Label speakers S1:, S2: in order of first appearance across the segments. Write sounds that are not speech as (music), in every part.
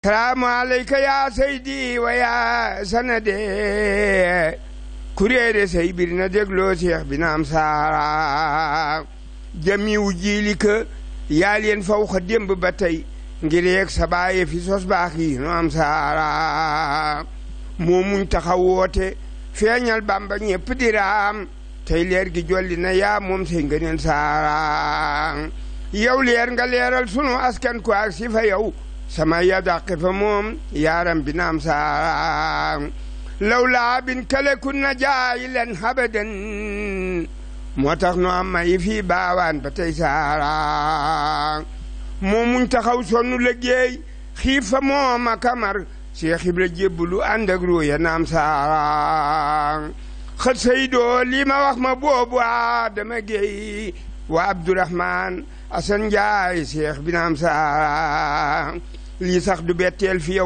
S1: salaamu alayka yaa di wa yaa sanade kuréere say bir na dégloo seex bi naam saara jamiwu jiili ka yaa leen faw xa démb ba tey ngir yeg sa baaye fi sos baax yi no am saara moo muñ taxaw woote feeñal bamba ñépp diraam tey leer gi jolli na yaa moom say ngëneel saara yow leer nga leeral sunu askan ko ak si fa yow sama ya dàqe fa moom yaaram bi naam saa law laa kale kun na habadan moo tax nu am mayi fii baawaan ba tey saara moo muñ taxaw sonnu liggéey xiif fa moom a kamar Cheikh Ibra jébbulu ànd ak ruuya naam saara xët say doo ma wax ma boobu waa dama géey waa Asan Njaay Cheikh bi naam saara lii sax du betteel fi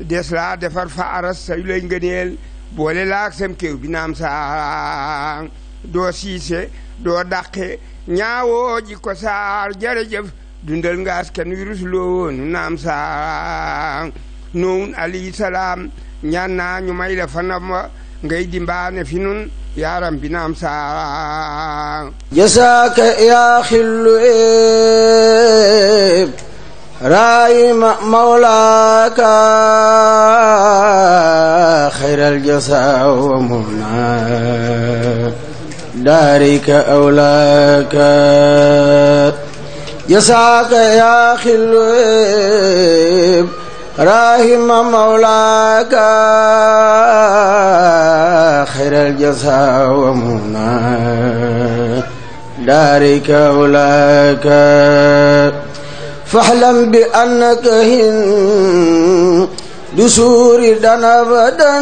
S1: des laa defar fa aras say lay ngëneel boole laak sam kéew bi naam saar doo siise doo dàqe ñaawoo ko saar jërëjëf dundal nga askan wi rusloo nu naam saar noon alayhi ñaan naa ñu may la fanam wa ngay dimbaane fi nun yaaram bi naam saar jasaaka yaa xillu
S2: راي مولاك خير الجزاء ومنى دارك أولاك جزاك يا خلوب راهم مولاك خير الجزاء ومنى دارك أولاك فاحلم بأنك هند دسور دنا بدا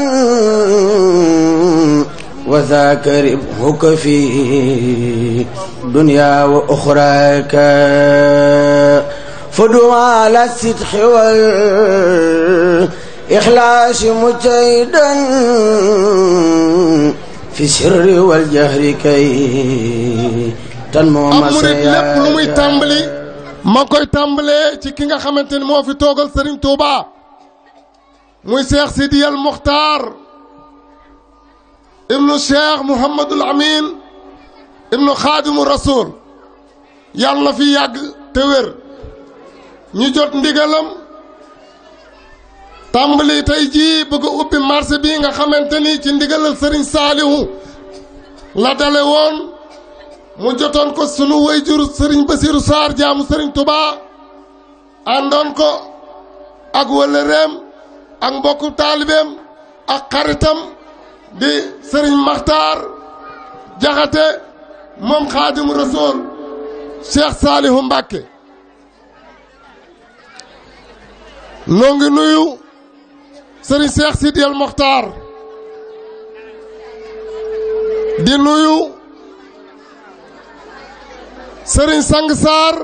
S2: وذاك ربحك في دنيا وأخراك فدوا على السدح والإخلاص مجيدا fi sirri wal jahri kay tan moo ma. lépp lu muy
S3: tàmbali. ma koy tàmbalee ci ki nga xamante ni moo fi toogal Serigne Touba muy Cheikh Sidi El Mokhtar ibnu Cheikh Mouhamadul Amin ibnu Xaadimu Rasul yàlla na fi yàgg te wér ñu jot ndigalam tàmbali tey jii bëgg a ubbi bi nga xamante ni ci ndigalal Serigne Saalihu la dale woon mu jotoon ko sunu wayjur sëriñ Basiru Saar jaamu sëriñ Tuubaa àndoon ko ak wëllëreem ak mbokku taalibeem ak xaritam di sëriñ Maxtaar Jaxate moom Xaadimu Rasuul Cheikh Saalihu Mbàkke noo ngi nuyu sëriñ Cheikh Sidiyal Moxtaar di nuyu sëriñ sang Sarr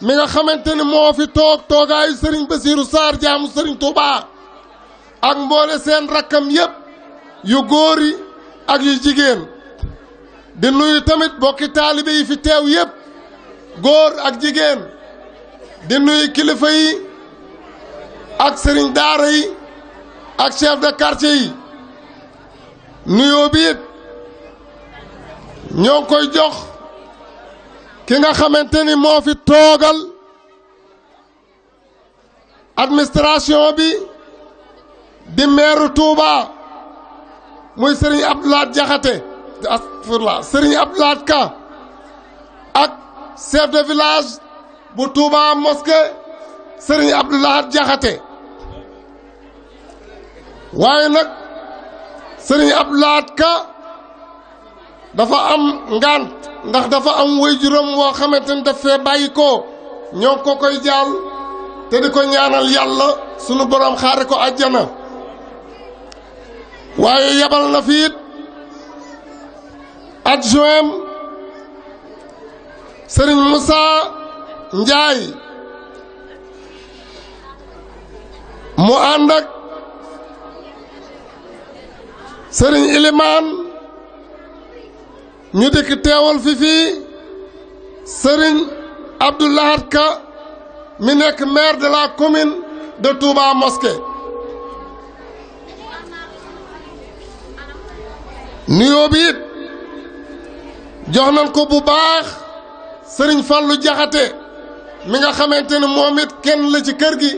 S3: mi nga xamante ni moo fi toog toogaayu sëriñ Basiiru Sarr jaamu sëriñ Tuubaa ak mboole seen rakkam yépp yu góor yi ak yu jigéen di nuyu tamit bokki taalibe yi fi teew yépp góor ak jigéen di nuyu kilifa yi ak sëriñ daara yi ak chef de quartier yi nuyoo bi ñoo koy jox ki nga xamante ni moo fi toogal administration bi di meeru Touba muy sëriñ ab Lahad Diakhaté astafurlah Serigne Abdou Lahad Ka ak chef de village bu Touba mosquée Serigne ab laat Diakhaté waaye nag sëriñ ab Lahad Ka dafa am ngant ndax dafa am waajuram woo xamante ni daf fee bàyyi ko ñoo ko koy jaal te di ko ñaanal yàlla sunu borom xaare ko àjjana waaye yabal na fi it sëriñ Serigne Moussa mu ànd ak Serigne ñu dikk teewal fi fii sëriñ Abdou Lahad mi nekk maire de la commune de Touba Mosquée nuyoo bi jox nañ ko bu baax sëriñ Fallou Jaxate mi nga xamante ne moom it kenn la ci kër gi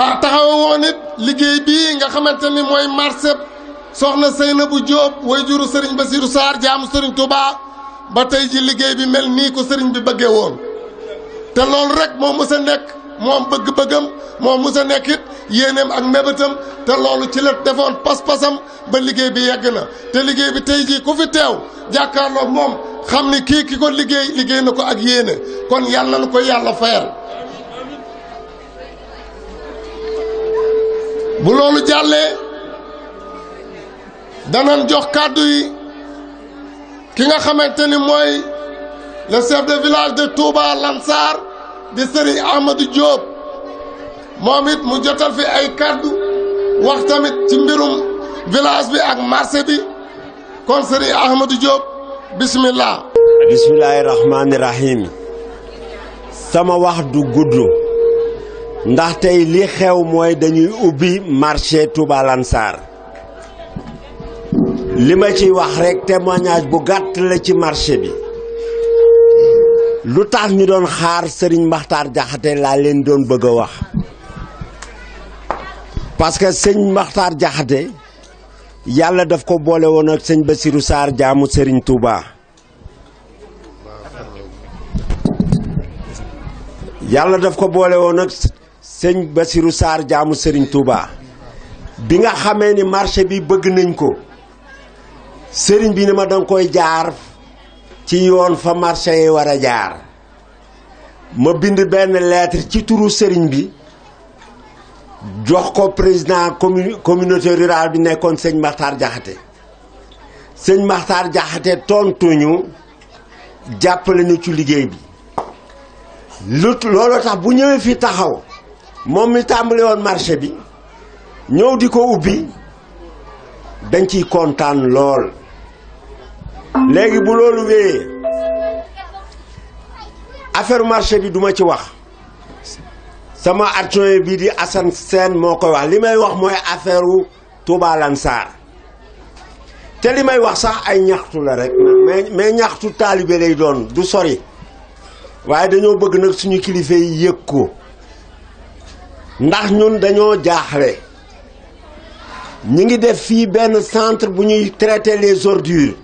S3: ah taxaw woon it liggéey bii nga xamante ni mooy marché soxna Seynabu Jóob wayjuru sëriñ ba Basiiru Saar jaamu sëriñ Tuubaa ba tey ji liggéey bi mel nii ko sëriñ bi bëggee woon te loolu rek moo mës nekk moom bëgg-bëggam moo mës a nekk ak mébétam te loolu ci la defoon pas-pasam ba liggéey bi yegg na te liggéey bi tey jii ku fi teew jàkkaarloo moom xam ni kii ki ko liggéey liggéey na ko ak yéene kon yàlla na ko yàlla fayal bu loolu jàllee danañ jox kàddu yi ki nga xamante ni mooy le chef de village de Touba Lansar di Serigne Ahmadou Diop moom it mu jotal fi ay kàddu wax tamit ci mbirum
S4: village bi ak marché bi kon Serigne Ahmadou Diop bismillah bismillahi sama wax du gudd ndaxte tey li xew mooy dañuy ubbi marché Touba Lansar li ma ciy wax rekk témoignage bu gàtt la ci marché bi lu tax ñu doon xaar Serigne Makhtar Diakhaté laa leen doon bëgg a wax parce que sëñ Makhtar Diakhaté yàlla daf ko boole woon ak sëñ Bassirou Sarr jaamu sëriñ Touba yàlla daf ko boole sëñ Bassirou Sarr jaamu Serigne Touba bi nga xamee ni marché bi bëgg nañ ko. sëriñ bi ne ma danga koy jaar ci yoon fa marché yi war a jaar ma bind benn lettre ci turu sëriñ bi jox ko président commu communauté rurale bi nekkoon sëñ Maxtaar Jaxate sëñ maxtar Jaxate tontuñu jàppale ñu ci liggéey bi lu looloo tax bu ñëwee fi taxaw moom mi tàmbale woon marché bi ñëw di ko ubbi dañ ci kontaan lool léegi bu loolu wéyee affaire marché bi duma ci wax sama adjoint bi di Assane Sène moo koy wax li may wax mooy affaire wu Touba Lansar te li may wax sax ay ñaxtu la rek mais mais ñaxtu taalibe lay doon du sori waaye dañoo bëgg nag suñu kilifa yi yëg ko ndax ñun dañoo jaaxle ñi ngi def fii benn centre bu ñuy traité les ordures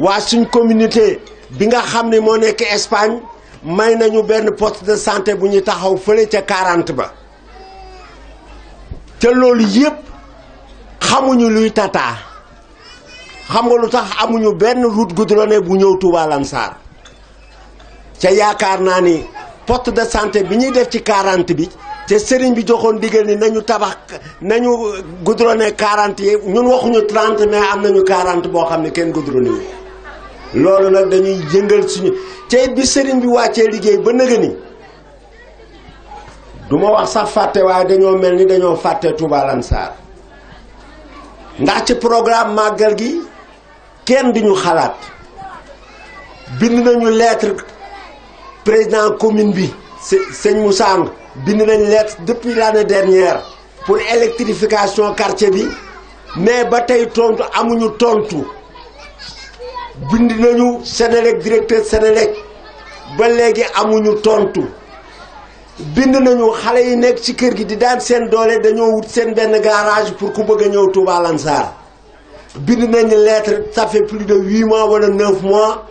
S4: waa suñ communauté bi nga xam ne moo nekk Espagne may nañu benn poste de santé bu ñuy taxaw fële ca 40 ba te loolu yépp xamuñu luy Tata xam nga lu tax amuñu benn route goudronnée bu ñëw Touba Lansar ca yaakaar naa ni poste de santé bi ñuy def ci 40 bi te sëriñ bi joxoon digal ni nañu tabax nañu goudronné 40 yi ñun waxuñu 30 mais am nañu 40 boo xam ne kenn goudronné loolu nag dañuy yëngal suñu tey bi sëriñ bi wàccee liggéey ba nëga ni du ma wax sax fàtte waaye dañoo mel ni dañoo fàtte Touba Lansar ndax ci programme màggal gi kenn di xalaat bind nañu lettre président commune bi sëñ Moussa bind nañ lettre depuis l'année dernière pour électrification quartier bi mais ba tey tontu amuñu tontu. bind nañu Sénélec directeur Sénélec ba léegi amuñu tontu bind nañu xale yi nekk ci kër gi di daan seen doole dañoo wut seen benn garage pour ku bëgg a ñëw Touba Lansar bind nañu lettre ça fait plus de huit mois wala neuf mois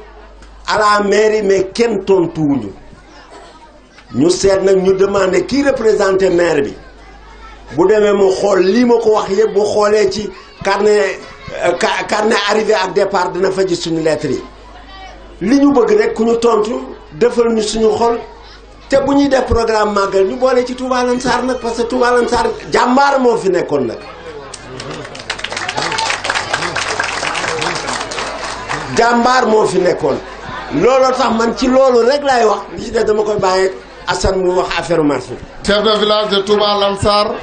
S4: à la mairie mais kenn tontuwuñu ñu seet nag ñu demande kii représenté maire bi bu demee mu xool lii ma ko wax yëpp bu xoolee ci carnet Euh, ka carnet arrivé ak départ dina faj gis suñu lettre yi li ñu bëgg rek ku ñu tontu defal ñu suñu xol te bu ñuy def programme màggal ñu boole ci Touba Lansar nag parce que Touba Lansar jàmbaar moo fi nekkoon nag. jàmbaar moo fi nekkoon looloo tax man ci loolu rek laay wax li ci des dama koy bàyyi Assane mu wax affaire marché. chef de village de Touba Lansar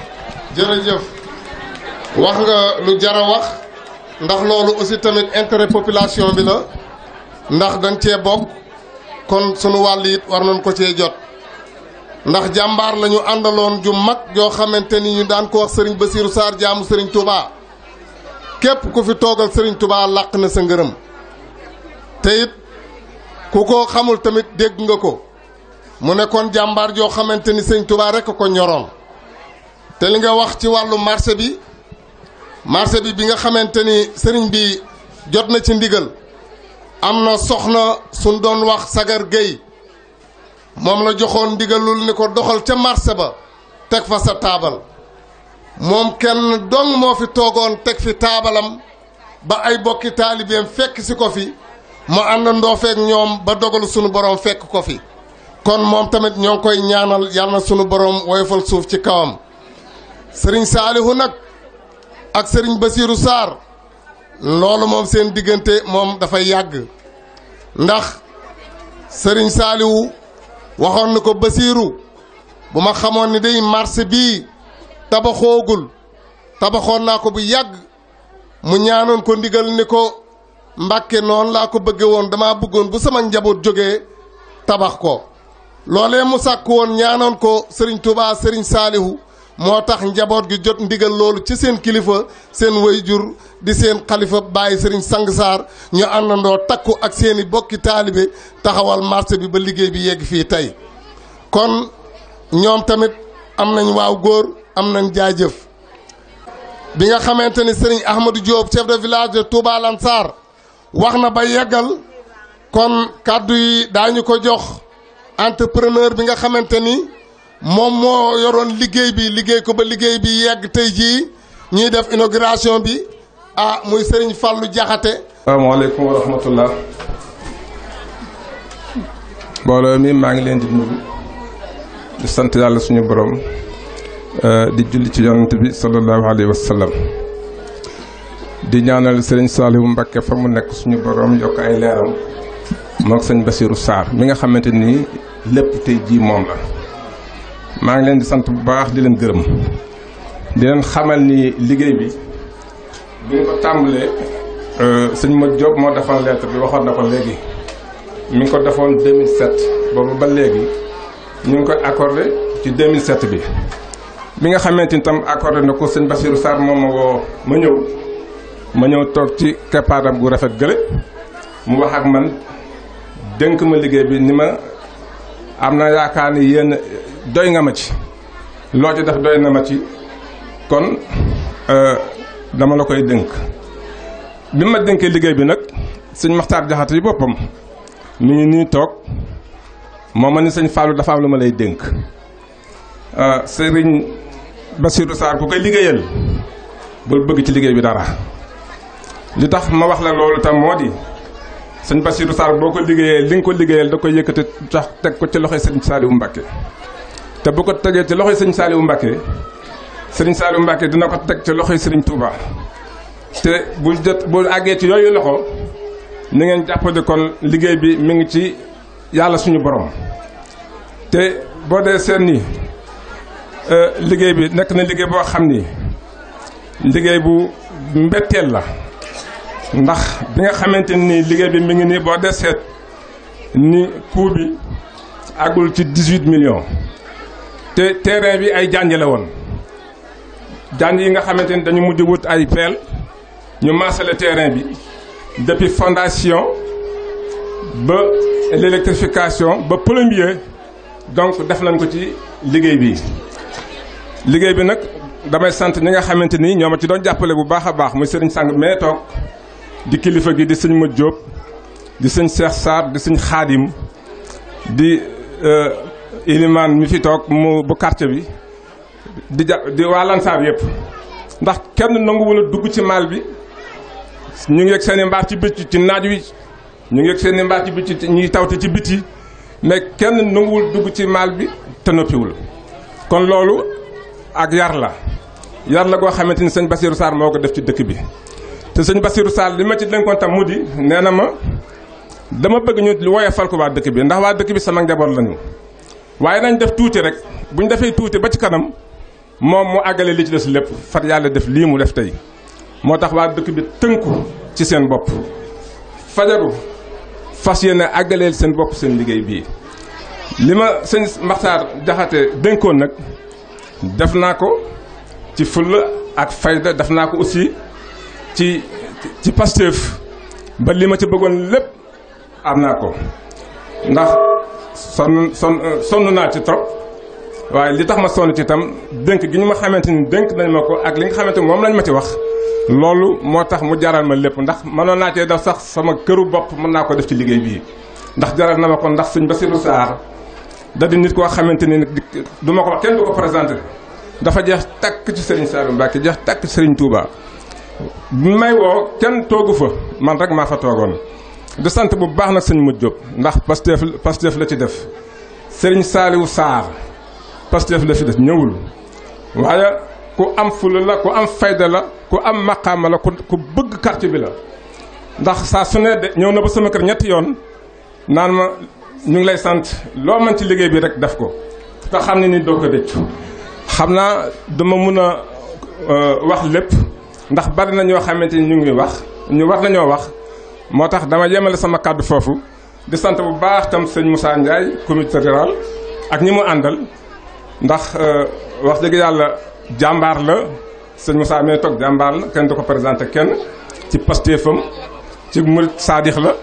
S4: jërëjëf wax nga
S3: lu jara wax. ndax loolu aussi tamit intérêt population bi la ndax dañ cee bokk kon sunu wàll it war nañ ko cee jot ndax jàmbaar lañu àndaloon ju mag yoo xamante ni ñu daan ko wax Serigne Bassirou saar jaamu Serigne Touba képp ku fi toogal Serigne Touba làq na sa ngërëm te it ku ko xamul tamit dégg nga ko mu nekkoon jàmbaar joo xamante ni Serigne Touba rekk ko ñoroon te li nga wax ci wàllu marché bi. marché bi bi nga xamante ni sëriñ bi jot na ci ndigal am na soxna suñ doon wax Sagar Gueye moom la joxoon ndigalul ni ko doxal ca marché ba teg fa sa taabal moom kenn dong moo fi toogoon teg fi taabalam ba ay bokki taalibeem fekk si ko fi mu àndandoo feek ñoom ba dogalu sunu borom fekk ko fi kon moom tamit ñoo ngi koy ñaanal yàlla na sunu borom woyofal suuf ci kawam sëriñ Saalihu nag ak sëriñ Basiiru Saar loolu moom seen diggante moom dafay yàgg ndax sëriñ Saaliwu waxoon na ko Basiiru bu ma xamoon ni day marché bii tabaxoogul tabaxoon naa ko bu yàgg mu ñaanoon ko ndigal ni ko mbàkke noonu laa ko bëgge woon dama bëggoon bu sama njaboot jóge tabax ko loolee mu sàkk woon ñaanoon ko sëriñ Tuubaa sëriñ Saalihu moo tax njaboot gi jot ndigal loolu ci seen kilifa seen jur di seen xalifa bàyyi sëriñ sang ñu àndandoo takku ak seeni bokki taalibe taxawal marché bi ba liggéey bi yegg fii tey kon ñoom tamit am nañ waaw góor am nañ jaajëf bi nga xamante ni sëriñ Ahmadou Diop chef de village de Touba wax na ba yeggal kon kàddu yi daañu ko jox entrepreneur bi nga xamante ni moom moo yoroon liggéey bi liggéey ko ba liggéey bi yegg tey jii ñuy def inauguration bi ah muy sëriñ Fallou Diakhaté.
S5: salaamaaleykum wa rahmatullah. boole mi maa ngi leen di nuyu di sant yàlla suñu boroom eh, di julli ci yonent bi sallallahu di ñaanal sëriñ Saliou Mbacké fa mu nekk suñu borom yokk ay leeram moog sëñ Bassirou Sarr mi nga xamante ni lépp tey jii moom la. maa ngi leen di sant bu baax di leen gërëm di leen xamal ni liggéey bi bi ñu ko tàmbalee euh, sëñ ma Diop moo defoon lettre bi waxoon na ko léegi mu ngi ko defoon 2007 boobu ba léegi ñu ngi koy accordé ci 2007 bi. bi nga xamante ni tam accordé na ko sëñ Bassirou Sarr moom ma woo ma ñëw ma ñëw toog ci keppaaram gu rafet gële mu wax ak man dénk ma liggéey bi ni ma am na yaakaar ni yéen. doy nga ma ci loo ci def doy na ma ci kon euh, dama la koy dënk bi ma dënkee liggéey bi nag sëñ Maxtaar Jaxate yi boppam mu ngi nii toog moo ma ni sëñ Fallou dafa am lu ma lay dënk euh, sëriñ Bassirou Sarr ku koy liggéeyal bul bëgg ci liggéey bi dara li tax ma wax la loolu tam moo di sëñ Bassirou Sarr boo ko liggéeyee li nga ko liggéeyal da koy yëkkati tax teg ko ci loxoy sëñ Saliou Mbacké te bu ko tegee ci loxoy sëñ Saliou Mbacke sëriñ Saliou Mbacke dina ko teg ci loxo yi sëriñ Touba te bu jot bu àggee ci yooyu loxo ni ngeen jàppale liggéey bi mu ngi ci yàlla suñu boroom te boo dee seen ni euh, liggéey bi nekk na liggéey boo xam ni liggéey bu mbetteel la ndax bi nga xamante ni liggéey bi mi ngi nii boo dee seet ni coût bi àggul ci 18 millions te terrain bi ay janj woon janj yi nga xamante ni dañu mujj wut ay peel ñu maasale terrain bi depuis fondation ba l'électrification ba plombier donc def nañ ko ci liggéey bi liggéey bi nag damay sant ñi nga xamante ni ñoo ma ci doon jàppale bu baax a baax muy sëriñ sàng mee toog di kilifa gi di sëñ Modou Diop di sëñ Cheikh Sarr di sëñ Xaadim di euh, ilimaan mi fi toog mu bu quartier bi di ja di waa Lansar yëpp ndax kenn nanguwul dugg ci maal bi ñu ngi yegg seen i mbaar ci bëcc ci naaj wi ñu ngi yegg seen i mbaar ci bëcc ñuy tawte ci biti mais kenn nanguwul dugg ci maal bi te noppiwul kon loolu ak yar la yar la goo xamante ni sëñ Bassirou Sarr moo ko def ci dëkk bi te sëñ Bassirou Sarr li ma ci dénkoon tam mu di nee na ma dama bëgg ñu woyofal ko waa dëkk bi ndax waa dëkk bi sama njaboot lañu waaye nañ def tuuti rek bu ñu defee tuuti ba ci kanam moom mu àggale li ci des lépp far yàlla def lii mu def tey moo tax waa dëkk bi tënku ci seen bopp fajaru fas yéene àggaleel seen bopp seen liggéey bii li ma sëñ Maxtaar Jaxate dénkoon nag def naa ko ci fulla ak fayda def naa ko aussi ci ci Pastef ba li ma ci bëggoon lépp am naa ko ndax sonn sonn sonn naa ci trop waaye li tax ma sonn ci itam dénk gi ñu ma xamante ni dénk nañ ma ko ak li nga xamante moom lañ ma ci wax loolu moo tax mu jaral ma lépp ndax mënoon naa cee def sax sama këru bopp mën naa ko def ci liggéey bii ndax jaral na ma ko ndax sëñ Bassirou Sarr da di nit koo xamante ni du ma ko kenn du ko présenté dafa jeex takk ci Serigne Saliou Mbacke jeex takk ci Serigne Touba may woo kenn toogu fa man rek maa fa toogoon du sant bu baax nag sëñ Modou Diop ndax Pastef Pastef la ci def sëriñ Saliou Sarr Pastef la fi def ñëwul waaye ku am fula la ku am fayda la ku am maqaama la ku bëgg quartier bi la ndax sa su ne de ñëw na ba sama kër ñetti yoon naan ma ñu ngi lay sant loo mën ci liggéey bi rek def ko te xam ne ni doo ko dëccu xam naa duma mun a euh, wax lépp ndax bari na ñoo xamante ni ñu ngi wax ñu war ñoo wax moo tax dama yemale sama kàddu foofu di sant bu baax tam sëñ Moussa Ndiaye comité rural ak ñi mu àndal ndax euh, wax dëgg yàlla jàmbaar la sëñ Moussa mi toog jàmbaar la kenn du ko présenté kenn ci pastéefam ci murit saadix la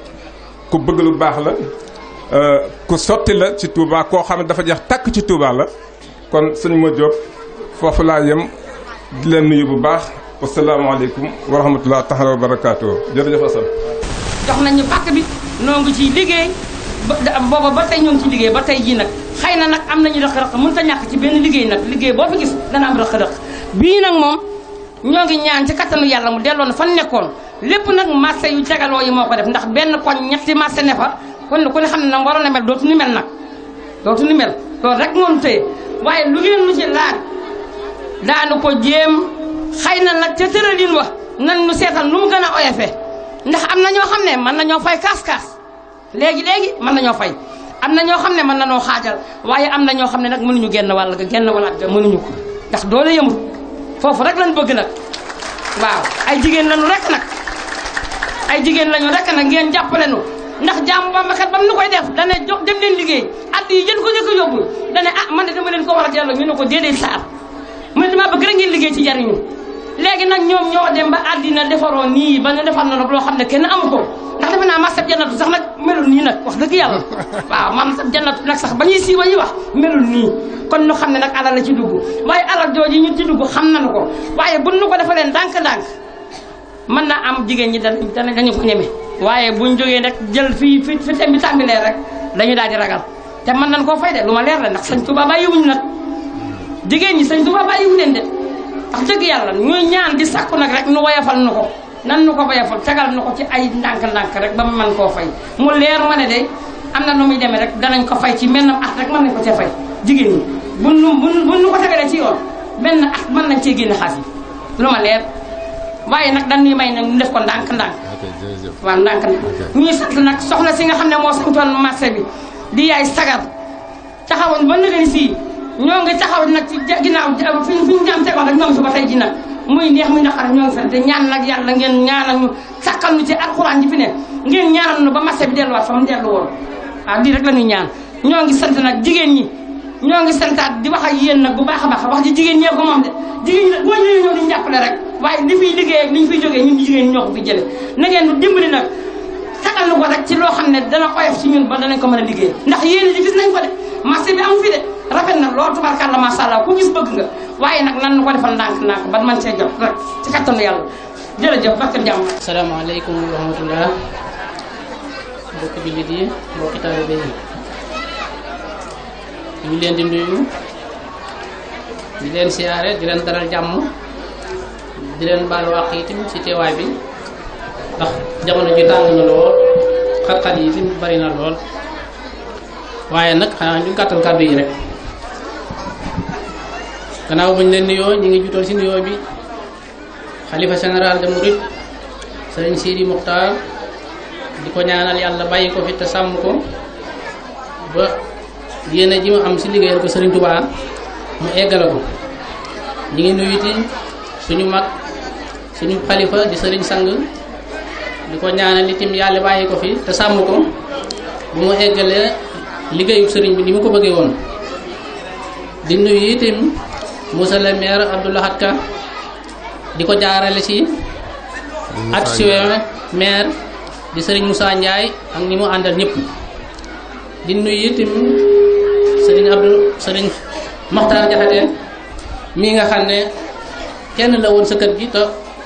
S5: ku bëgg lu baax la euh, ku sotti la ci Touba koo xam ne dafa jeex tàkk ci Touba la kon sëñ Ma Diop foofu laa yem di leen nuyu bu baax wasalaamaaleykum wa rahmatulah taala wa barakaatu jërëjëf Assane
S6: jox nañ ñu pàkk bi noo ngi ciy liggéey booba ba tey ñoom ci liggéey ba tey jii nag xëy na nag am nañu rëq-rëq mënut a ñàkk ci benn liggéey nag liggéey boo fi gis dana am rëq-rëq bii nag moom ñoo ngi ñaan ci kattanu yàlla mu delloon fan nekkoon lépp nag marché yu jagaloo yi moo ko def ndax benn koñ ñetti marché ne fa kon ku ne xam ne nag waroon na mel dootu ni mel nag dootu ni mel loolu rek moom téye waaye lu ngeen lu ci laaj daanu ko jéem xëy na nag ca tëralin wa nan nu seetal nu mu gën ndax am na ñoo xam ne mën nañoo fay kaas-kaas léegi léegi mën nañoo fay am na ñoo xam ne mën nañoo xaajal waaye am na ñoo xam ne nag mënuñu génn wàll ga génn walaat ga mënuñu ko ndax doole yëmut foofu rek lañ bëgg nag waaw ay jigéen lañu rek nag ay jigéen lañu rek nag ngeen jàppale nu ndax jaamu Bamba kat ba mu nu koy def dane jox dem leen liggéey a yi jën ko njëkk a yóbbu dane ah man de dama leen ko war a delloo ñu ne ko déedéet saar man ma bëgg rek ngeen liggéey ci jariñu léegi nag ñoom ñoo dem ba àddina defaroo nii ba ne defar na nag loo xam ne kenn amu ko ndax defe naa masab jannatu sax nag melul nii nag wax dëgg yàlla (laughs) waaw masab jannatu nag sax ba ñuy sii ba ñuy wax melul nii kon ñu xam ne nag alal la ci dugg waaye alal jooju ñu ci dugg xam nañu ko waaye buñ ñu ko defalee ndànk-ndànk mën naa am jigéen ñi danañ dañu ko ñeme waaye buñ jógee rek jël fii fi fi tem bi tàmbalee rek dañu daal di ragal te mën nañ koo fay de lu ma leer la ndax sëñ Tuubaa bàyyiwuñ nag jigéen ñi sëñ Tuubaa bàyyiwu leen de wax dëgg yàlla ñuy ñaan di sàkku nag rek nu woyafal nu ko nan nu ko woyafal tegal nu ko ci ay ndànk-ndànk rek ba mu mën koo fay mu leer ma ne de am na nu muy demee rek danañ ko fay ci mel na at rek mën nañ ko ca fay jigéen ñi buñ nu buñ ci yoon mel na at nañ cee génn xaalis bi lu ma leer waaye nag dañuy may na ñu def ko ndànk-ndànk waaw ndànk-ndànk ñuy sant nag soxla si nga xam ne moo santoon marché bi di yaay sagar taxawoon ba nëgëni sii ñoo ngi taxaw nag ci tey ji nag muy neex muy naqar ñoo ngi fi te ñaan nag yàlla ngeen ñaanal ñu sàkkal ñu ci alxuraan ji fi ne ngeen ñaanal ñu ba marché bi delluwaat fa mu dellu woon waaw ñaan ñoo ngi sant nag jigéen ñi ñoo ngi santaat di wax ak yéen nag bu baax a baax wax ji jigéen ñee ko moom de jigéen ñi nag boo ñëwee ñoo di jàppale rek waaye li fiy liggéey fi jogee ñu fiy jógee ñun jigéen ñoo fi jële na ngeen dimbali nag sakkal ñu ko a ci loo xam ne dana oyof ci ñun ba danañ ko mën a liggéey ndax yéen ñi gis nañ ko de marché bi amu fi de rafet na loolu tubaarkàlla macha allah ku gis bëgg nga waaye nag nan ko defal ndànk-ndànk ban man see jot nag ci kattanu yàlla jërëjëf barke jàmm. yi
S7: ñu ngi leen di nuyu di leen siyaare di leen daral jàmm di leen baal wax itam ci teewaay bi ndax jamono ji tàng na lool xat-xat yi itam lool waaye nag xanaa ñu gàttal kàddu yi rek. gannaaw bañ leen nuyoo ñu ngi juutal si nuyoo bi xalifa général de Mouride sëriñ Sidi Muxtaar di ko ñaanal yàlla bàyyi ko fi te sàmm ko ba yéene ji mu am ci liggéeyal ko sëriñ Touba mu eggale ko ñu ngi suñu mag suñu xalifa di sëriñ sang di ko ñaanal itam yàlla bàyyi ko fi te sàmm ko bu mu eggalee sëriñ bi ni mu ko bëggee woon di nuyu itam monsieur le maire Abdou Ka di ko jaarale ci
S4: adjoint
S7: maire di sëriñ Moussa Ndiaye ak ñi mu àndal ñëpp dindu nuyu itam Serigne Abdou Serigne Mokhtar Diakhaté mii nga xam ne kenn la woon sa kër gi te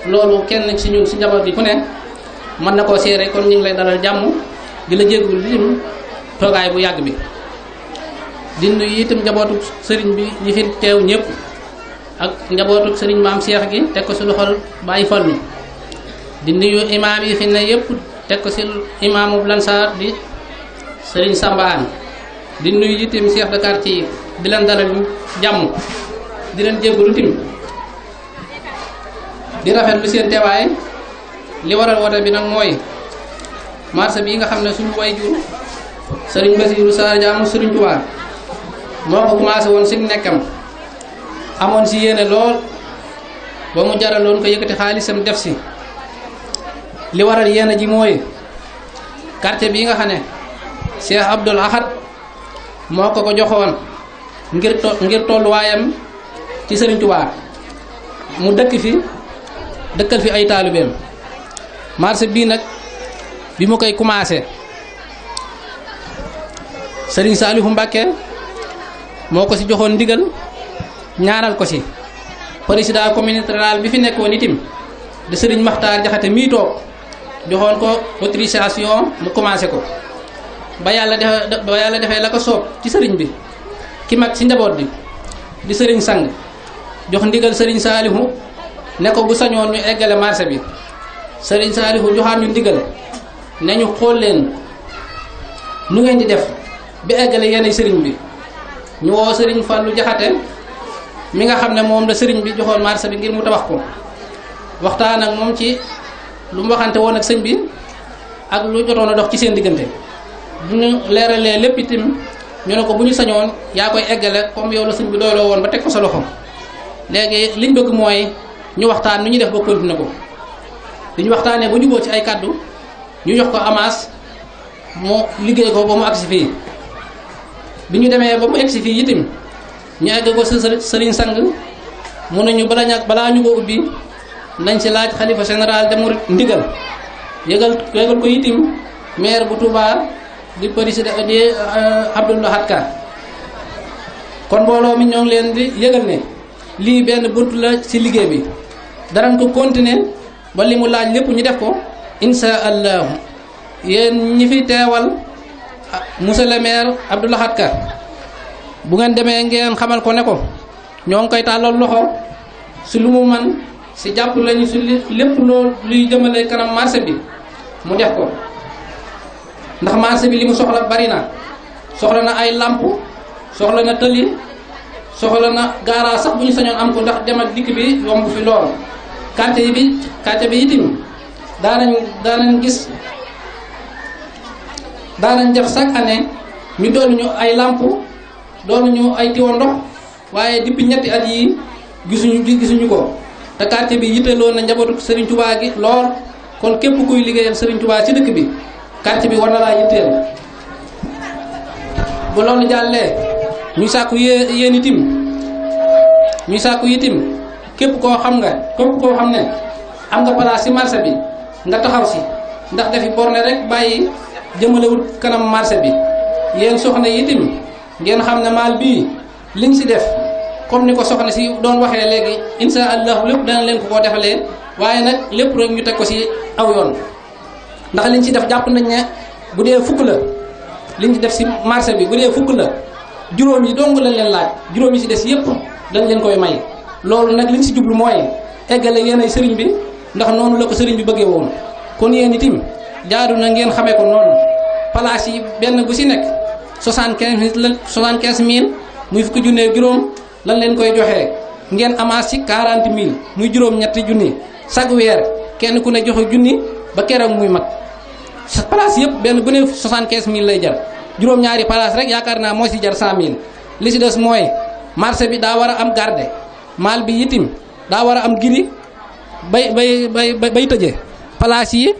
S7: loolu kenn si ñu si njaboot gi ku ne mën na koo seere kon ñu ngi lay dalal jàmm di la jéggul itam toogaay bu yàgg bi di nuyu itam njabootu sëriñ bi ñi fi teew ñëpp. ak njabootu sëriñ maam Cheikh gi teg ko si loxol Baye Fallu di nuyu imaam yi fi ne yëpp teg ko si imaamu Lansar di sëriñ Sambaan di nuyu itam seex de quartier yi di leen dalal jàmm di leen jéggalu tim di rafet lu seen teewaay li waral woote bi nag mooy marché bi nga xam ne suñu way jur sëriñ Basiiru Saar jaamu sëriñ Tuubaa moo ko commencé woon si nekkam amoon si yéene lool ba mu jaraloon ko yëkkati xaalisam def si li waral yéene ji mooy quartier bi nga xam ne Cheikh Abdoul Ahad moo ko ko joxoon ngir tolluwaayam ci Serigne Touba mu dëkk fi dëkkal fi ay taalibeem marché bii nag bi mu koy commencé Serigne Saliou Mbacké moo ko ci joxoon ndigal. ñaaral ko si président communauté rurale bi fi nekkoon itim di sëriñ Maxtaar Jaxate mii toog joxoon ko autorisation mu commencé ko ba yàlla defe ba yàlla defee la ko soob ci sëriñ bi ki mag ci njaboot bi di sëriñ sang jox ndigal sëriñ saalihu ne ko bu sañoon ñu eggale marché bi sëriñ saalihu joxaat ñu ndigal ne ñu xool leen nu ngeen di def bi eggale yenn sëriñ bi ñu woo sëriñ Fàllu Jaxate mi nga xam ne moom la sëriñ bi joxoon marché bi ngir mu tabax ko waxtaan ak moom ci lu mu waxante woon ak sëñ bi ak lu jotoon a dox ci seen diggante bu ñu leeralee lépp itam ñu ne ko bu ñu sañoon yaa koy eggale comme yow la sëñ bi doyloo woon ba teg ko sa loxo léegi liñ bëgg mooy ñu waxtaan nu ñu def ba continué ko li waxtaanee ba juboo ci ay kàddu ñu yox ko amaas mu liggéey ko ba mu agsi fii bi ñu demee ba mu agsi fii itam ñu egg ko sëriñ sang mu ne ñu bala ñàkk balaa ñu ko ubbi nañ ci laaj xalifa général de Mouride ndigal yëgal yëgal ko itim maire bu Touba di président di euh, Abdou kon mbooloo mi ñoo leen di yëgal ne lii benn bunt la ci liggéey bi darañ ko continuer ba li mu laaj lépp ñu def ko insha allahu yéen ñi fi teewal ah, monsieur le maire Abdou bu ngeen demee ngeen xamal ko ne ko ñoo ngi koy tàllal loxo si lu mu man si jàpp lañu si lépp loolu luy jëmale kanam marché bi mu def ko ndax marché bi li mu soxla bari na soxla na ay làmp soxla na tëli soxla na gaara sax bu ñu sañoon am ko ndax dem ak dikk bi yomb fi lool quartier bi quartier bi itim daanañ daanañ gis daanañ def chaque année ñu doon ñu ay làmp doonu ñu ay tiwo ndox waaye depuis ñetti at yi gisuñu gisuñu ko te quartier bi yitteloon na njabootu Serigne Touba gi lool kon képp kuy liggéeyal Serigne Touba ci dëkk bi quartier bi war na laa yitteel bu loolu jàllee ñuy sàkku yée yéen itim ñuy sàkku itim képp koo xam nga képp koo xam ne am nga place ci marché bi nga taxaw si ndax dafi borne rek bàyyi jëmalewul kanam marché bi yéen soxna itim ngeen xam ne maal bii liñ si def comme ni ko soxna si doon waxee léegi insha allahu lépp dana leen ko koo defalee waaye nag lépp rek ñu teg ko ci aw yoon ndax liñ si def jàpp nañ ne bu dee fukk la liñ si def si marché bi bu dee fukk la juróom yi dong lañ leen laaj juróom yi si des yépp dañ leen koy may loolu nag ñu si jublu mooy eggale yéen ay sëriñ bi ndax noonu la ko sëriñ bi bëggee woon kon yéen itim jaadu na ngeen xamee ko noonu place yi benn bu si nekk 75 la 75000 muy fukki junne juróom lan leen koy joxee ngeen amaas ci 40000 muy juróom-ñetti junni chaque weer kenn ku ne joxe junni ba keroog muy mag sa place yëpp benn bu ne 75000 lay jar juróom-ñaari place rek yaakaar naa moo si jar 100000 li si des mooy marché bi daa war a am garde maal bi itim daa war a am giri bay bay bay bay tëjee place yi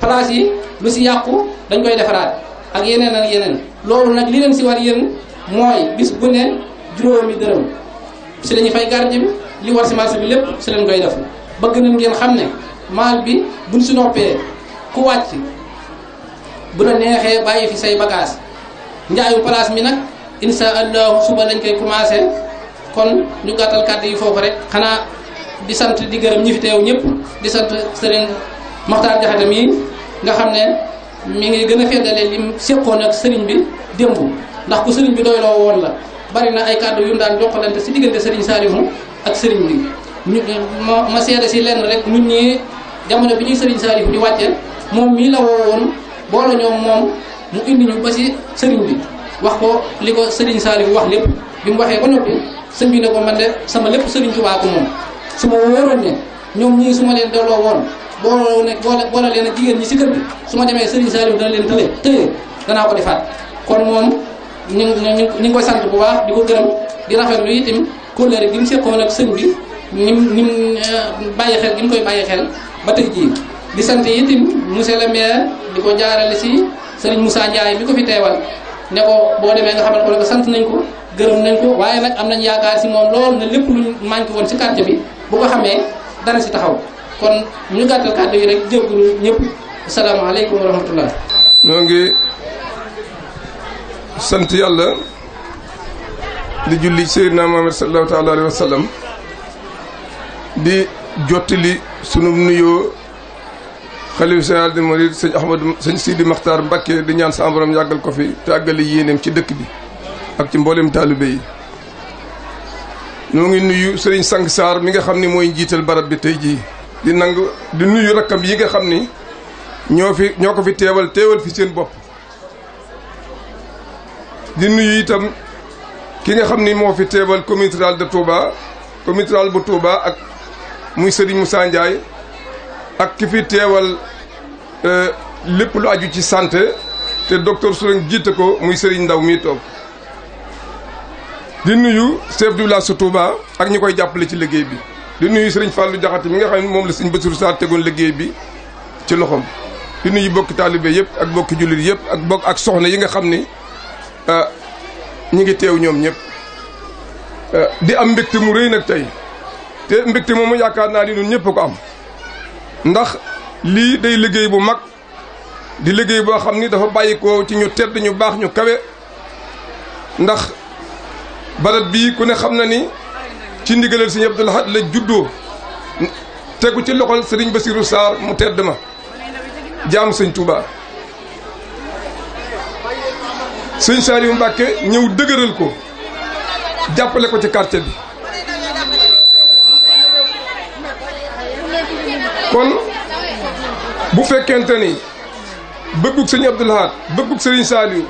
S7: place yi lu si yàqu dañ koy defaraat. ak yeneen ak yeneen loolu nag li leen si war yéen mooy bis bu ne juróomi dërëm si la ñuy fay gardien bi li war si marché bi lépp si leen koy def bëgg nañ ngeen xam ne maal bi buñ si noppee ku wàcc bu la neexee bàyyi fi say bagaas njaayu place bi nag insha allah suba lañ koy commencé kon ñu gàttal kàddu yi foofu rek xanaa di sant di gërëm ñi fi teew ñëpp di sant sëriñ Maxtaar Jaxate mi nga xam ne mi ngi gën a feddalee lim séqoon ak sëriñ bi démb ndax ku sëriñ bi doyloo woon la bari na ay kàddu yu mu daan jokkalante si diggante sëriñ Saliou ak sëriñ bi ñu ma ma seede si lenn rek mu ñëwee jamono bi ñuy sëriñ Saliou di wàcceel moom mii la woo woon boole ñoom moom mu indi ba si sëriñ bi wax ko li ko sëriñ Saliou wax lépp bi mu waxee ba noppi sëñ bi ne ko man de sama lépp sëriñ Tuubaa ko moom su ma wóoroon ne ñoom ñii su ma leen doyloo woon booloo nekk boole boole leen ak jigéen ñi si kër gi su ma demee Serigne Saliou dana leen tële tëye danaa ko defaat kon moom ñu ñu ngi ko sant bu baax di ko gërëm di rafetlu itam kóllëre gi mu seqoon ak sëñ bi ni mu ni mu euh, bàyyi mu koy bàyyi xel ba tey jii di sant itam monsieur le maire di ko jaarale si Serigne Moussa Ndiaye mi ko fi teewal ne ko boo demee nga xamal ko ne ko sant nañ ko gërëm nañ ko waaye nag am nañ yaakaar si moom lool na lépp luñ manqué woon si quartier bi bu ko xamee dana si taxaw kon ñu gàttal kàddu yi rek jéggalu ñëpp asalaamaaleykum wa rahmatullah
S8: ñoo ngi sant yàlla di julli Seydina Muhammad sallallahu taala alayhi di jottali sunu nuyoo xalif général des mourides sëñ Ahmadou sëñ Sidi Makhtar Mbacké di ñaan sa yàggal ko fi te àggale yéeneem ci dëkk bi ak ci mboolem taalibe yi ñoo ngi nuyu sëriñ Sang Sarr mi nga xam ni mooy njiital barab bi tey jii di nangu di nuyu rakkam yi nga xam ni ñoo fi ñoo ko fi teewal teewal fi seen bopp di nuyu itam ki nga xam ni moo fi teewal comité rural de Touba comité rural bu Touba ak muy Serigne Moussa Ndiaye ak ki fi teewal euh, lépp lu aju ci santé te docteur Sourang jiite ko muy Serigne Ndaw mi toog di nuyu chef du village su ak ñi koy jàppale ci liggéey bi. di nuyu sëriñ Fallou Diakhaté mi nga xam ne moom la sëriñ Bassirou Sarr tegoon liggéey bi ci loxoom di nuyu bokki taalibe yëpp ak bokki jullit yëpp ak bokk ak soxna yi nga xam ni ah, ñi ngi teew ñoom ñëpp ah, di am mbégte mu rëy nag tey te mbégte moomu yaakaar naa ni ñun ñëpp ko am ndax lii day liggéey bu mag di liggéey boo xam ni dafa bàyyi ko ci ñu tedd ñu baax ñu kawe ndax barab bii ku ne xam na ni ci ndigalal sëñ Abdul Ahad la juddoo tegu ci loxol sëriñ Basiiru Saar mu tedd ma jaamu sëñ Touba sëñ Saaliyu Mbàkke ñëw dëgëral ko jàppale ko ci quartier bi kon bu fekkente ni bëggug sëñ Abdul Ahad bëggug sëriñ Saaliyu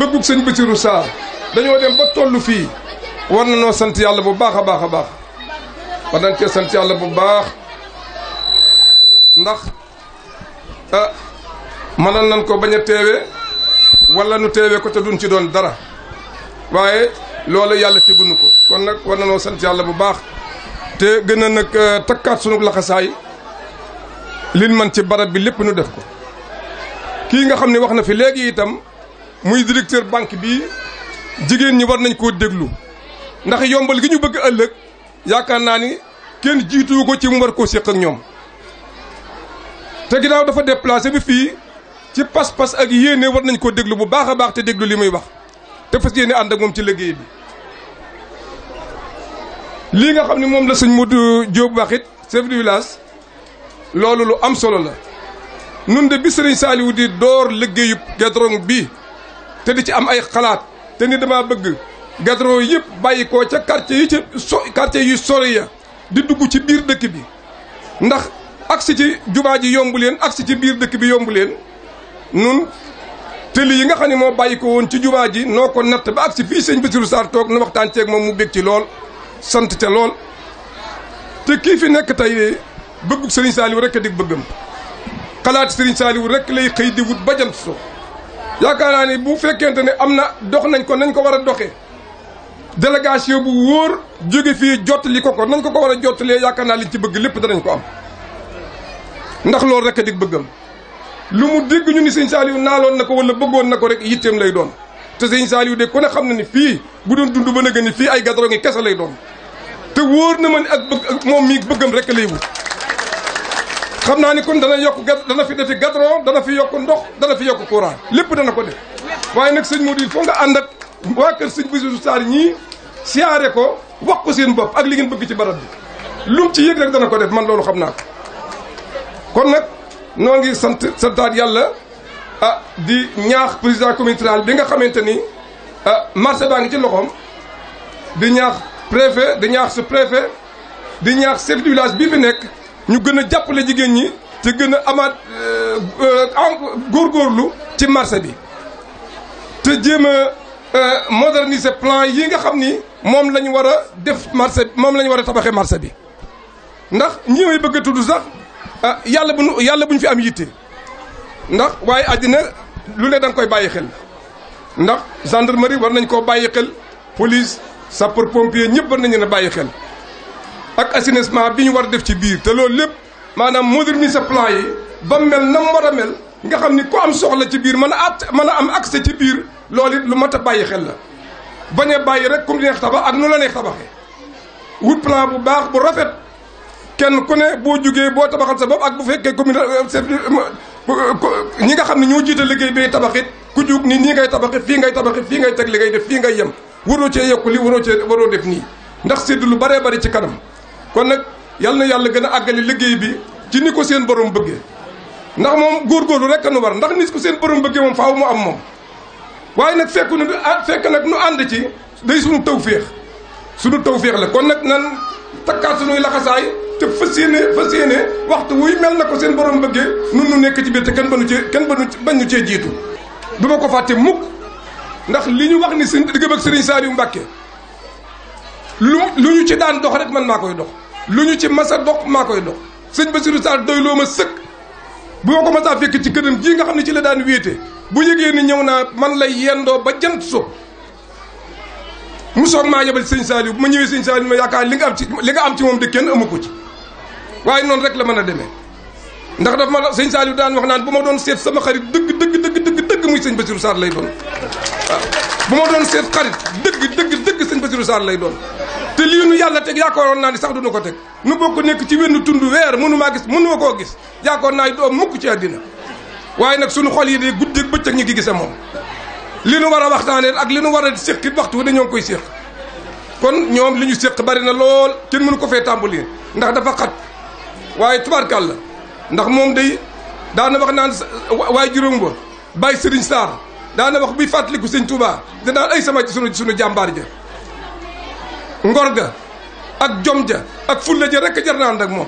S8: bëggug sëñ Basiiru Saar dañoo dem ba tollu fii war na noo sant yàlla bu baax a baax a baax war nañ cee sant yàlla bu baax ndax ah mënoon nañ ko bañ a teewee wala nu teewee ko te duñ ci doon dara waaye loolu yàlla tegunu ko kon nag war na noo sant yàlla bu baax te gën a nag ah, takkaat sunu laxasaay lin man ci barab bi lépp nu def ko kii nga xam ne wax na fi léegi itam muy directeur banque bi jigéen ñi war nañ koo déglu ndax yombal gi ñu bëgg ëllëg yaakaar naa ni kenn jiituwu ko ci mu war koo séq ak ñoom te ginnaaw dafa déplacé bi fii ci pas-pas ak yéene war nañ koo déglu bu baax a baax te déglu li muy wax te fas yéene ànd ak moom ci liggéey bi lii nga xam ni moom la sëñ Modou Diop waxit chef du village loolu lu am solo la nun de bi sëriñ Saliou di door liggéeyub Guédrong bii te di ci am ay xalaat te ni dama bëgg goudron yëpp bàyyi ko ca quartier yi ca so quartier yu sori ya di dugg ci biir dëkk bi ndax agsi ci jumaa ji yombu leen agsi ci biir dëkk bi yombu leen nun tëli yi nga xam ne moo bàyyi ko woon ci jumaa ji noo ko natt ba agsi fii sëñ Bassirou Sarr toog na waxtaan ceeg moom mu bég ci lool sant ca lool te kii fi nekk tey de bëggug Serigne Saliou rek a dig bëggam xalaat Serigne Saliou rek lay xëy di wut ba jant so yaakaar naa ne bu fekkente ne am na dox nañ ko nañ ko war a doxee délégation bu wóor jóge fii jottali ko ko nañ ko ko war a jottalee yaakaar naa li ci bëgg lépp danañ ko am ndax loolu rekk a dig bëggam lu mu dégg ñu ni sëñ Saliou naaloon na ko wala bëggoon na ko rek yitteem lay doon te sëñ Saliou de ku ne xam na ni fii bu doon dund ba nëgë ni fii ay gadoro ngi kese lay doon te wóor na ma ni ak bëgg moom mii bëggam rek lay wut xam naa ni kon dana yokk ga dana fi defi gadoro dana fi yokk ndox dana fi yokk courant lépp dana ko def waaye nag sëñ Modou il faut nga ànd ak waa kër sëñ ñii siyaare ko wax ko seen bopp ak li ngeen bëgg ci barab bi lum ci yëg rek dana ko def man loolu xam naa ko kon nag noo ngi sant santaat yàlla ah di ñaax président communal bi nga xamante ni ah marché baa ngi ci loxoom di ñaax préfet di ñaax su préfet di ñaax chef du village bii fi nekk ñu gën a jàppale jigéen ñi te gën a amaat euh, góorgóorlu ci marché bi te jéem a euh, moderniser plan yi nga xam ni moom lañ war a def marché moom lañ war a tabaxee marché bi ndax ñi may tudd sax ah, yàlla bu nu yàlla bu ñu fi am yitte ndax waaye àddina lu ne da nga koy bàyyi xel ndax gendarmerie war nañ koo bàyyi xel police sapeur pompier ñëpp war nañ leen a bàyyi xel ak assainissement bi ñu war a def ci biir te loolu lépp maanaam moderniser plan yi ba mel na mu war a mel nga xam ni ku am soxla ci biir mën a at mën a am accès ci biir loolu it lu mat a bàyyi xel la. bañ a bàyyi rek kum neex tabax ak nu la neex tabaxee wut plan bu baax bu rafet kenn ku ne boo jugee boo tabaxal sa bopp ak bu fekkee commune euh, euh, ñi nga xam ne ñoo jiite liggéey bi tabaxit ku jug ni nii ngay tabaxit fii ngay tabaxit fii ngay teg li ngay def fii ngay yem waroo cee yokku li waroo cee waroo def nii ndax sédd lu baree bari ci kanam kon nag yal na yàlla gën a àggale liggéey bi ci ni ko seen borom bëggee ndax moom góorgóorlu rek a nu war ndax ni ko seen borom bëggee moom faaw mu am moom waaye nag fekk nu ah, fekk nag nu ànd ci day sunu tawféex sunu feex la kon nag nan takkaat sunuy laxasaay te fas yéene fas yéene waxtu wuy mel na ko seen borom bëggee nun nu nekk ci biir te kenn bañu cee kenn bañu bañu cee jiitu du ma ko fàtte mukk ndax li ñu wax ni seen diggam ak Serigne Saliou Mbacké lu ñu ci daan dox rek man maa koy dox lu ñu ci masa dox maa koy dox sëñ Bassirou Sall doy loo ma sëkk bu ma ko masaa fekk ci këram jii nga xam ne ci la daan wéete bu yëgee ni ñëw naa man lay yendoo ba jant so mu soog maa yebal sëñ Saliou bu ma ñëwee sëñ Saliou ma yaakaar li nga am ci li nga am ci moom de kenn amu ko ci waaye noonu rek la mën a demee ndax daf ma sëñ Saliou daan wax naan bu ma doon seet sama xarit dëgg dëgg dëgg dëgg dëgg muy sëñ Bassirou Sarr lay doon waaw bu ma doon seet xarit dëgg dëgg dëgg sëñ Bassirou Sarr lay doon te lii nu yàlla teg yaakaaroon naa ni sax duñu ko teg nu bokk nekk ci wenn tund weer mënumaa gis mënu ma koo gis yaakaar naa doo mukk ci àddina waaye nag suñu xol yi de guddeeg bëccëg ñu ngi gise moom li nu war a waxtaanee ak li nu war a séqit waxtu dañoo ngi koy séq kon ñoom li ñu séq bari na lool kenn mënu ko fee tàmbali ndax dafa xat waaye tubaarkàlla ndax moom day daana wax naan waaye juróom ba bàyyi sëriñ Sarr daana wax bi fàttaliku sëñ Touba danaan ay sama sunu sunu jàmbaar ja ngor ga ak jom ja ak fulla ja rekk jar naan ak moom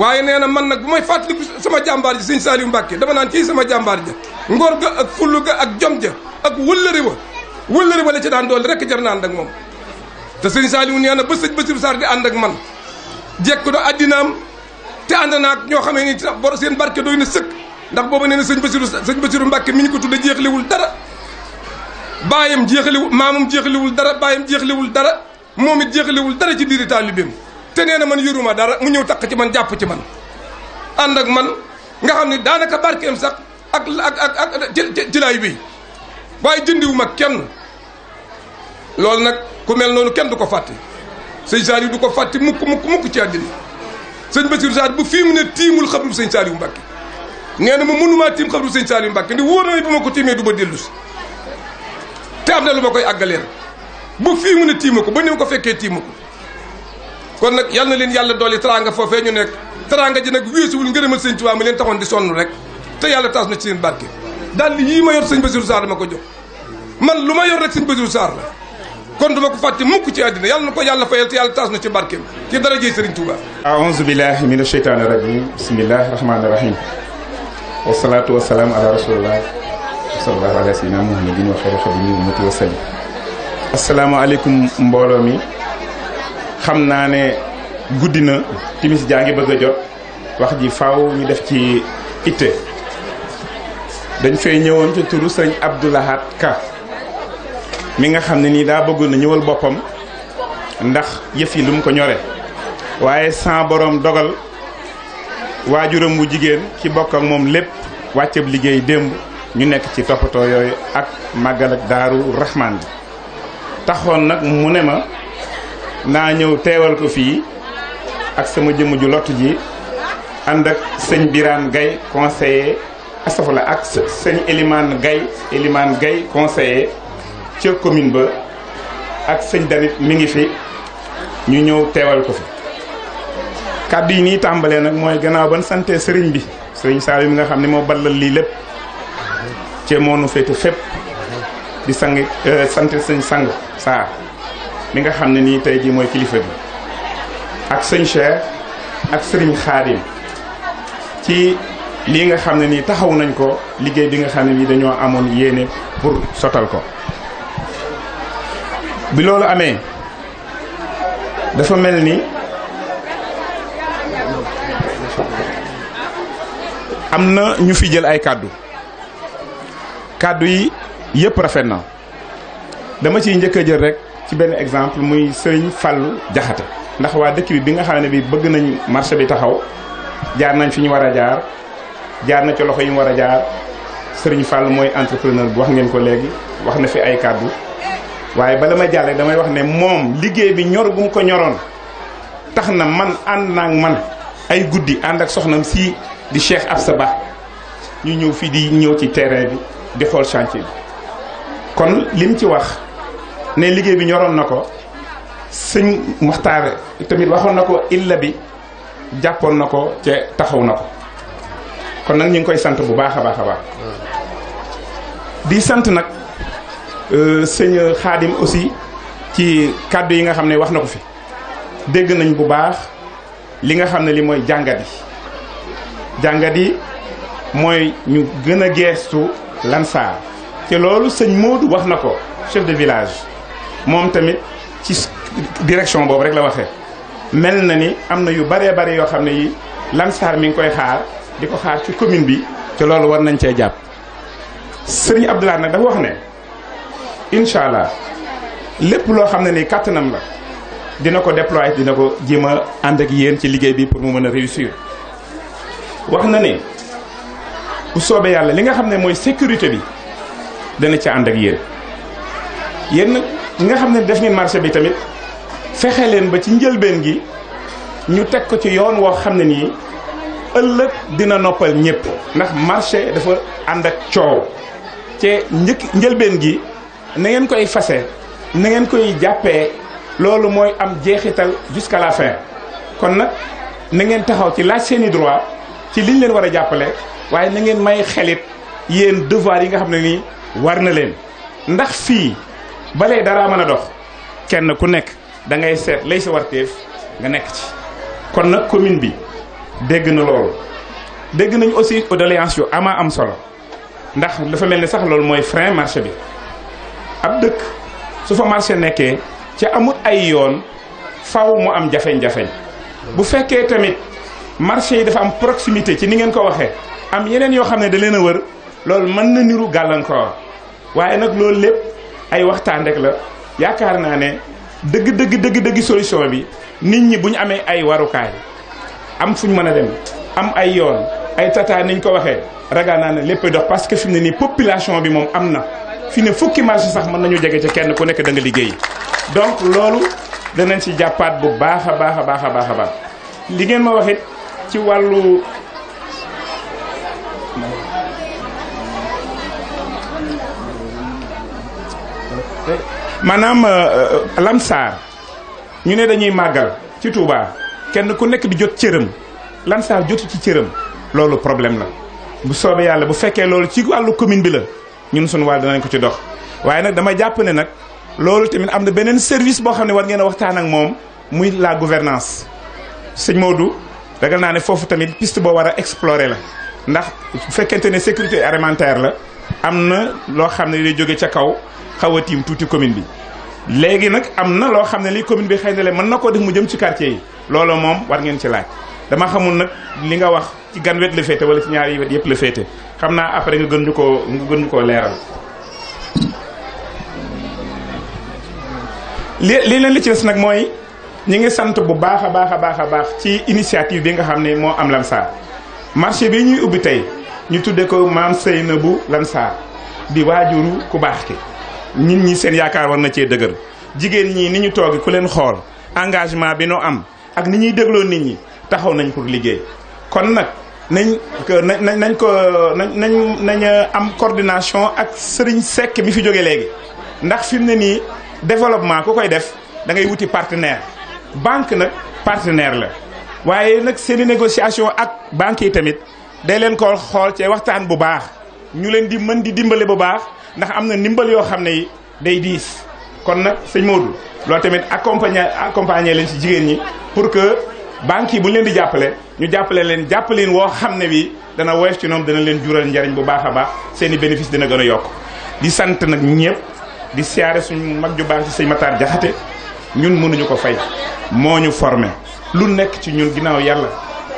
S8: waaye nee na man nag bu may fàttaliku sama jàmbaar ji sëñ Saliou Mbacke dama naan ciy sama jàmbaar ja ngor ga ak fullu ga ak jom ja ak wëllëri wa wëllëri wa la ci daan dool rek jar na moom te sëñ Saliou nee na ba sëñ Bassirou Sarr di ànd ak man jekku na addinaam te ànd naag ñoo xamee ni bor seen barke doy na sëkk ndax booba nee na sëñ Bassirou sëñ Bassirou Mbacke mi ñu ko tudda jeexlewul dara baayam jeexlewul maamam jeexlewul dara baayam jeexlewul dara moom it jeexlewul dara ci biir taalibeem te nee na man yoruma dara mu ñëw takk ci man jàpp ci man ànd ak man nga xam ne daanaka barkeem sax ak ak ak ak ci laay bi waaye jëndiwu ma kenn loolu nag ku mel noonu kenn du ko fàtte sëñ Saaliw du ko fàtte mukk mukk mukk ci àddina sëñ Basiru Saar bu fii mu ne tiimul xabru sëñ Saaliw Mbàkke nee na ma mënumaa tiim xabru sëñ Saaliw Mbàkke ndi wóor na ne bi ma ko tiimee du ma dellu si te am na lu ma koy àggaleel bu fii mu ne tiima ko ba ni ma ko fekkee tiima ko kon nag yal na leen yàlla dolli teraanga foofee ñu nekk teraanga ji nag weesuwul ngërëmal sëñ Tuubaa mi leen taxoon di sonn rek te yàlla taas na ci seen barke daal li yii ma yor sëñ Basiru Saar ma ko jox man lu ma yor rek sëñ Basiru Saar la kon duma ko fàtte mukk ci àddina yàlla na ko yàlla fayal te yàlla taas na ci barkeem ci dara jëy sëriñ Tuubaa
S9: aouzu billahi mina sheytaani rajim bismillahi rahmaani rahim wasalaatu wasalaam ala rasulillah sallallahu ala sayyidina muhammadin wa xayra xadimi ummati wa sallim asalaamaaleykum mbooloo mi xam naa ne guddi na timis jaa ngi bëgg a jot wax ji faaw ñu def ci itte dañ fay ñëwoon ci turu sëñ Abdou Lahad Ka mi nga xam ne nii daa bëggoon na ñëwal boppam ndax yëf yi lu ko ñore waaye sans borom dogal waajuram wu jigéen ci bokk ak moom lépp wàccab liggéey démb ñu nekk ci toppatoo yooyu ak màggal ak daaru Rahman bi taxoon nag mu ne ma naa ñëw teewal ko fii ak sama jëmm ju lott ji ànd ak sëñ Birane Gaye conseiller astafurlah ak sëñ Elimane Gaye Elimane Gaye conseiller ca commune ba ak sëñ damit mi ngi fi ñu ñëw teewal ko fi kàddu yi nii tàmbalee nag mooy gannaaw ban sante sëriñ bi sëriñ Saliou mi nga xam ne moo ballal lii lépp cee moonu féete fépp di sang euh, sant sëñ sang saa li nga xam ne nii tey jii mooy kilifa bi ak sëñ ak sëriñ Xaadim ci lii nga xam ne nii taxaw nañ ko liggéey bi nga xam ne nii dañoo amoon yéene pour sotal ko bi loolu amee dafa mel nii am na ñu fi jël ay kàddu kàddu yi yëpp rafet na dama ciy njëkk a jël rek ci benn exemple muy Serigne Fallou Jaxate ndax waa dëkk bi bi nga xam ne bi bëgg nañu marché bi taxaw jaar nañ fi ñu war a jaar jaar na ci loxo yi mu war a jaar sëriñ Fall mooy entrepreneur bi wax ngeen ko léegi wax na fi ay kàddu waaye bala may jàllee damay wax ne moom liggéey bi ñor gum ko ñoroon tax na man ànd naag man ay guddi ànd ak soxnam si di Cheikh Absa Ba ñu ñëw fii di ñëw ci terrain bi di xool chantier bi kon lim ci wax ne liggéey bi ñoroon na ko sëñ Muxtaar tamit waxoon na ko illa bi jàppoon na ko ca taxaw na ko kon nag ñu ngi koy sant bu baax a baax a baax di sant nag euh, sëñ Xaadim aussi ci kàddu yi nga xam ne wax na ko fi dégg nañ bu baax li nga xam ne li mooy jàngat yi jàngat yi mooy ñu gën a geestu Lansar ci loolu sëñ Modou wax na ko chef de village moom tamit ci direction boobu rek la waxee mel na ni am na yu baree bari yoo xam ne yi Lansar mi ngi koy xaar di ko xaar ci commune bi ci loolu war nañ cee jàpp sëriñ Abdoulaye nag dafa wax ne incha allah lépp loo xam ne ni kàttanam la dina ko déployer dina ko jéema a ànd ak yéen ci liggéey bi pour mu mën a réussir wax na ne bu soobee yàlla li nga xam ne mooy sécurité bi dana ci ànd ak yéen ñi nga xam ne def ngeen marché bi tamit fexe leen ba ci njëlbeen gi ñu teg ko ci yoon woo xam ne nii ëllëg dina noppal ñëpp ndax marché dafa ànd ak coow ce njëkk njëlbeen gi na ngeen koy fase na ngeen koy jàppee loolu mooy am jeexital jusqu'à kon nag na ngeen taxaw ci laaj seeni droit ci liñ leen war a jàppale waaye na ngeen may xelit yéen devoir yi nga xam ne nii war na leen ndax fii bale daraa mën a dox kenn ku nekk da ngay seet lay sa warteef nga nekk ci kon nag commune bi dégg na loolu dégg nañ aussi doléances yu amaa am solo ndax dafa mel ni sax loolu mooy frein marché bi ab dëkk su fa marché nekkee ci amul ay yoon faw mu am jafeñ-jafeñ bu fekkee tamit marché yi dafa am proximité ci ni ngeen ko waxee am yeneen yoo xam ne da leen a wër loolu mën na niru gàllankoor waaye nag loolu lépp ay waxtaan rek la yaakaar naa ne dëgg dëgg dëgg dëgg solution bi nit ñi bu ñu amee ay warukaay am fu ñu mën a dem am ay yoon ay tata niñ ko waxee ragal naa ne léppay dox parce que fi ne nii population bi moom am na fi ne fukki marché sax mën nañu jege ci kenn ku nekk danga nga liggéey donc loolu danañ ci jàppaat bu baax a baax a baax a baax a baax li ngeen ma waxit ci wàllu maanaam euh, euh, lamsaar ñu ne dañuy màggal ci Touba kenn ku nekk di jot cëram lamsaar jotu ci cëram loolu problème la bu soobee yàlla bu fekkee loolu ci wàllu commune bi la ñun suñu wàll danañ ko ci dox waaye nag dama jàpp ne nag loolu tamit am na beneen service boo xam ne war ngeen a waxtaan ak moom muy la gouvernance sëñ Maodo ragal naa ne foofu tamit piste boo war a explorer la ndax bu fekkente ne sécurité alimentaire la am na loo xam ne day jóge ca kaw xaw a tiim tuuti commune bi léegi nag am na loo xam ne li commune bi xëy na le mën na koo def mu jëm ci quartier yi loolu moom war ngeen ci laaj dama xamul nag li nga wax ci gan la féete wala ci ñaari wet yëpp la féete xam naa après nga gën ñu koo nga gën ñu koo leeral li leen li ci des nag mooy ñu ngi sant bu baax a baax a baax a baax ci initiative bi nga xam ne moo am Lansar marché bi ñuy ubbi tey ñu tudde ko maam Seynabou Lansar di waajuru ku baax ki nit ñi seen yaakaar war na cee dëgër jigéen ñii ni ñu toogi ku leen xool engagement bi noo am ak ni ñuy dégloo nit ñi taxaw nañ pour liggéey kon nag nañ nañ nañ ko nañ nañ nañ am coordination ak sëriñ Seck mi fi jóge léegi ndax fi mu ne nii développement ku koy def dangay wuti partenaire banque nag partenaire la waaye nag seen i négociation ak banque yi tamit day leen ko xool ci waxtaan bu baax ñu leen di mën di dimbali bu baax ndax am na ndimbal yoo xam ne yi day diis kon nag sëñ Modou lool tamit accompagner accompagner leen ci jigéen ñi pour que banques yi bu ñu leen di jàppale ñu jàppale leen jàppaleen woo xam ne bi dana woyof ci ñoom dana leen jural njariñ bu baax a baax seeni i bénéfice dina gën a yokk di sant nag ñëpp di siyaare suñu mag ju baax ci sëñ Matar Jaxate ñun mënuñu ko fay moo ñu formé lu nekk ci ñun ginnaaw yàlla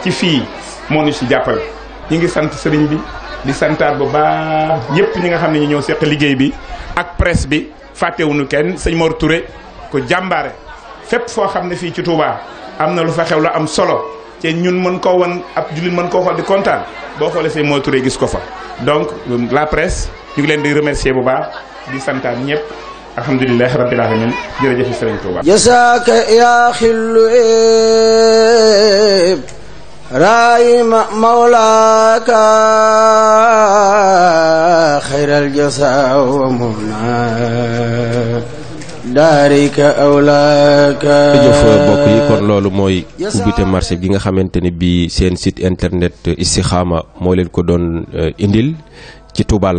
S9: ci fii moo ñu ci jàppale ñu ngi sant sëriñ bi di santaat bu baax ñëpp ñi nga xam ne ñu ñëw seq liggéey bi ak presse bi fàttewuñu kenn sëñ Mor Touré ko jàmbaare fépp foo xam ne fii ci Touba am na lu fa xew la am solo te ñun mën koo won ab jullit mën koo xool di kontaan boo xoolee sëñ Mor Touré gis ko fa donc la presse ñu ngi leen di remercier bu baax di santaat ñëpp alhamdulilah rabbil alamin jërëjëf sëriñ Touba
S2: jasaaka yaa xillu راي مولاك خير الجزاء ومنى daarik awlaak jëf mbokk yi kon
S9: loolu mooy ubbite marché bi nga xamante ni bii seen sit internet Istikhama moo leen ko doon euh, indil ci Touba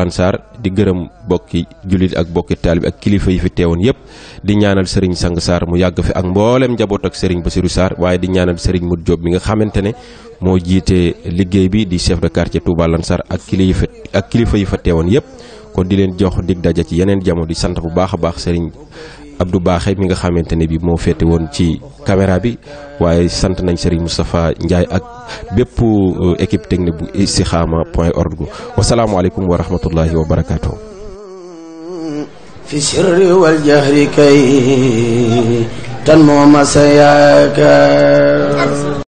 S9: di gërëm bokki jullit ak bokki taalib ak kilifa yi fi teewoon yëpp di ñaanal Serigne Sang saar mu yàgg fi ak mboolem njaboot ak ba Bassirou Sarr waaye di ñaanal Serigne Modou Diop mi nga xamante ne moo jiite liggéey bi di chef de quartier Touba Lansar ak kilifa kilifa yi fa teewoon yëpp kon di leen jox dig daja ci yeneen jamono di sant bu baax a baax Serigne. Abdou Baaxe mi nga xamante ne bi moo féete woon ci caméra bi waaye sant nañ Serigne Moustapha Ndiaye ak bépp euh, équipe technique bu Istikhama point org wasalaamualeykum wa rahmatullahi wa barakaatu.